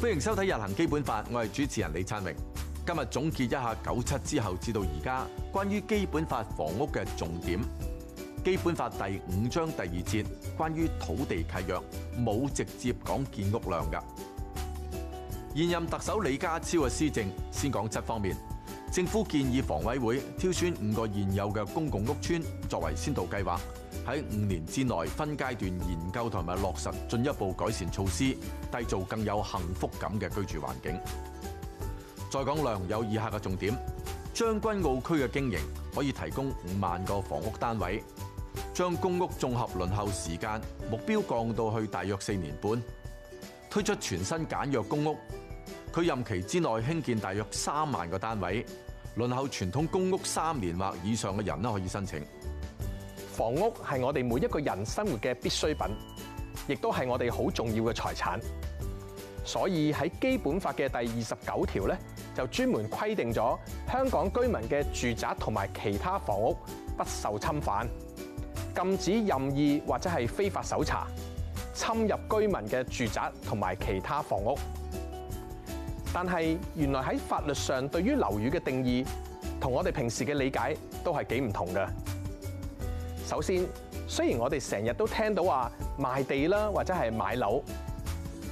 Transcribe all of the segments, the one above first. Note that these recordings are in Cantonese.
歡迎收睇《日行基本法》，我係主持人李燦榮。今日總結一下九七之後至到而家關於基本法房屋嘅重點。基本法第五章第二節關於土地契約，冇直接講建屋量㗎。現任特首李家超嘅施政，先講七方面。政府建議房委會挑選五個現有嘅公共屋邨作為先導計劃，喺五年之內分階段研究同埋落實進一步改善措施，締造更有幸福感嘅居住環境。再講量有以下嘅重點：將軍澳區嘅經營可以提供五萬個房屋單位；將公屋綜合輪候時間目標降到去大約四年半；推出全新簡約公屋。佢任期之內興建大約三萬個單位，輪候傳統公屋三年或以上嘅人咧，可以申請。房屋係我哋每一個人生活嘅必需品，亦都係我哋好重要嘅財產。所以喺基本法嘅第二十九條咧，就專門規定咗香港居民嘅住宅同埋其他房屋不受侵犯，禁止任意或者係非法搜查、侵入居民嘅住宅同埋其他房屋。但係原來喺法律上對於樓宇嘅定義，同我哋平時嘅理解都係幾唔同嘅。首先，雖然我哋成日都聽到話賣地啦，或者係買樓，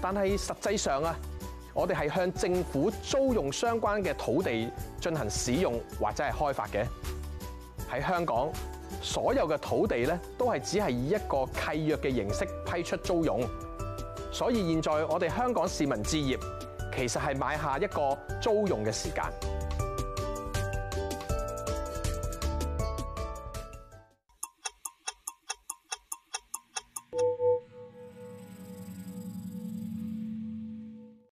但係實際上啊，我哋係向政府租用相關嘅土地進行使用或者係開發嘅。喺香港，所有嘅土地咧都係只係以一個契約嘅形式批出租用，所以現在我哋香港市民置業，其實係買下一個租用嘅時間。